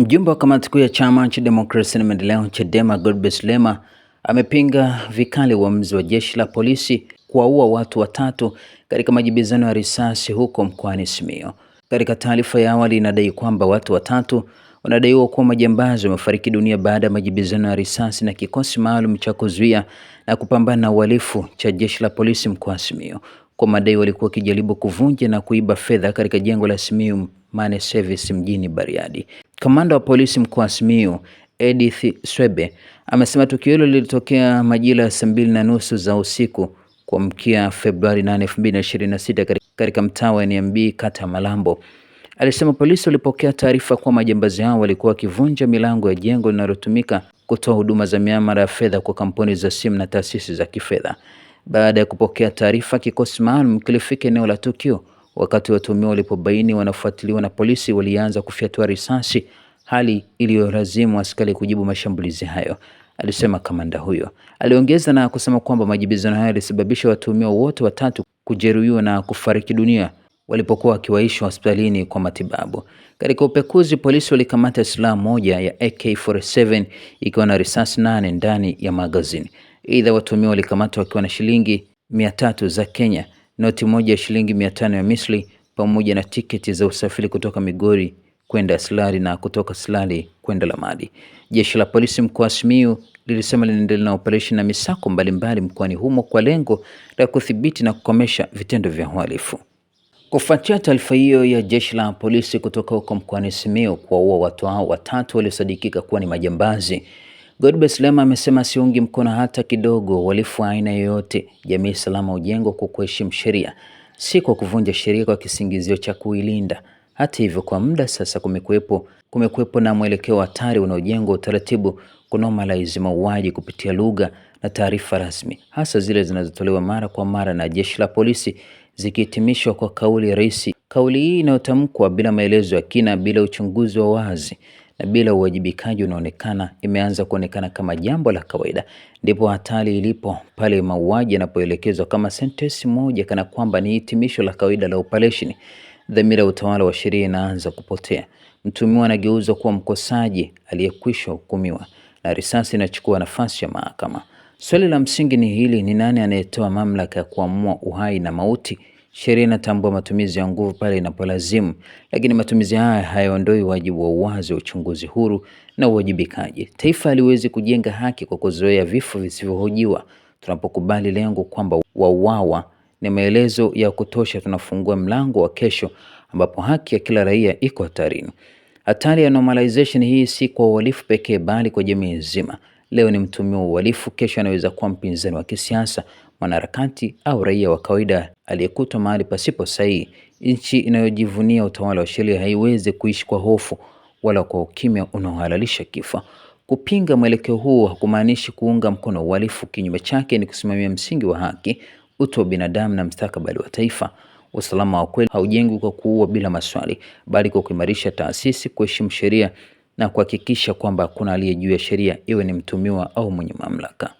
Mjumbe wa kamati kuu ya chama cha demokrasia na maendeleo Chadema, Godbless Lema amepinga vikali uamuzi wa jeshi la polisi kuwaua watu watatu katika majibizano ya risasi huko mkoani Simiyu. Katika taarifa ya awali inadai kwamba watu watatu wanadaiwa kuwa majambazi wamefariki dunia baada ya majibizano ya risasi na kikosi maalum cha kuzuia na kupambana na uhalifu cha jeshi la polisi mkoa wa Simiyu, kwa madai walikuwa wakijaribu kuvunja na kuiba fedha katika jengo la Simiyu Mane Service mjini Bariadi. Kamanda wa polisi mkoa wa Simiyu Edith Swebe amesema tukio hilo lilitokea majira ya saa mbili na nusu za usiku kuamkia Februari 8, 2026 katika mtaa wa NMB kata Malambo. Alisema polisi walipokea taarifa kuwa majambazi hao walikuwa wakivunja milango ya jengo linalotumika kutoa huduma za miamala ya fedha kwa kampuni za simu na taasisi za kifedha. Baada ya kupokea taarifa, kikosi maalum kilifika eneo la tukio Wakati watuhumiwa walipobaini wanafuatiliwa na polisi, walianza kufyatua risasi, hali iliyolazimu askari kujibu mashambulizi hayo, alisema kamanda huyo. Aliongeza na kusema kwamba majibizano hayo yalisababisha watuhumiwa wote watatu kujeruhiwa na kufariki dunia walipokuwa wakiwaishwa hospitalini kwa matibabu. Katika upekuzi, polisi walikamata silaha moja ya AK47 ikiwa na risasi nane ndani ya magazini. Aidha, watuhumiwa walikamatwa wakiwa na shilingi mia tatu za Kenya noti moja ya shilingi mia tano ya Misri pamoja na tiketi za usafiri kutoka Migori kwenda slari na kutoka slari kwenda Lamadi. Jeshi la polisi mkoa Simiyu lilisema linaendelea na operesheni na misako mbalimbali mkoani humo kwa lengo la kudhibiti na kukomesha vitendo vya uhalifu. Kufuatia taarifa hiyo ya jeshi la polisi kutoka huko mkoani Simiyu kuwaua watu hao watatu waliosadikika kuwa ni majambazi Godbless Lema amesema siungi mkono hata kidogo uhalifu wa aina yoyote. Jamii salama ujengo kwa kuheshimu sheria, si kwa kuvunja sheria kwa kisingizio cha kuilinda. Hata hivyo, kwa muda sasa kumekuwepo kumekuwepo na mwelekeo hatari unaojengwa utaratibu kunormalize mauaji kupitia lugha na taarifa rasmi, hasa zile zinazotolewa mara kwa mara na jeshi la polisi zikihitimishwa kwa kauli ya rais. Kauli hii inayotamkwa bila maelezo ya kina, bila uchunguzi wa wazi na bila uwajibikaji unaonekana imeanza kuonekana kama jambo la kawaida. Ndipo hatari ilipo pale mauaji yanapoelekezwa kama sentensi moja, kana kwamba ni hitimisho la kawaida la operesheni. Dhamira ya utawala wa sheria inaanza kupotea. Mtumiwa anageuzwa kuwa mkosaji aliyekwisha hukumiwa, na risasi inachukua nafasi ya mahakama. Swali la msingi ni hili: ni nani anayetoa mamlaka ya kuamua uhai na mauti? Sheria inatambua matumizi ya nguvu pale inapolazimu, lakini matumizi haya hayaondoi wajibu wa uwazi wa uchunguzi huru na uwajibikaji. Taifa haliwezi kujenga haki kwa kuzoea vifo visivyohojiwa. Tunapokubali lengo kwamba wauawa ni maelezo ya kutosha, tunafungua mlango wa kesho ambapo haki ya kila raia iko hatarini. Hatari ya normalization hii si kwa uhalifu pekee, bali kwa jamii nzima. Leo ni mtumia wa uhalifu, kesho anaweza kuwa mpinzani wa kisiasa, mwanaharakati au raia wa kawaida aliyekutwa mahali pasipo sahihi. Nchi inayojivunia utawala wa sheria haiwezi kuishi kwa hofu wala kwa ukimya unaohalalisha kifo. Kupinga mwelekeo huu hakumaanishi kuunga mkono uhalifu. Kinyume chake, ni kusimamia msingi wa haki, utu wa binadamu na mstakabali wa taifa. Usalama wa kweli haujengwi kwa kuua bila maswali, bali kwa kuimarisha taasisi, kuheshimu sheria na kuhakikisha kwamba hakuna aliye juu ya sheria, iwe ni mtumiwa au mwenye mamlaka.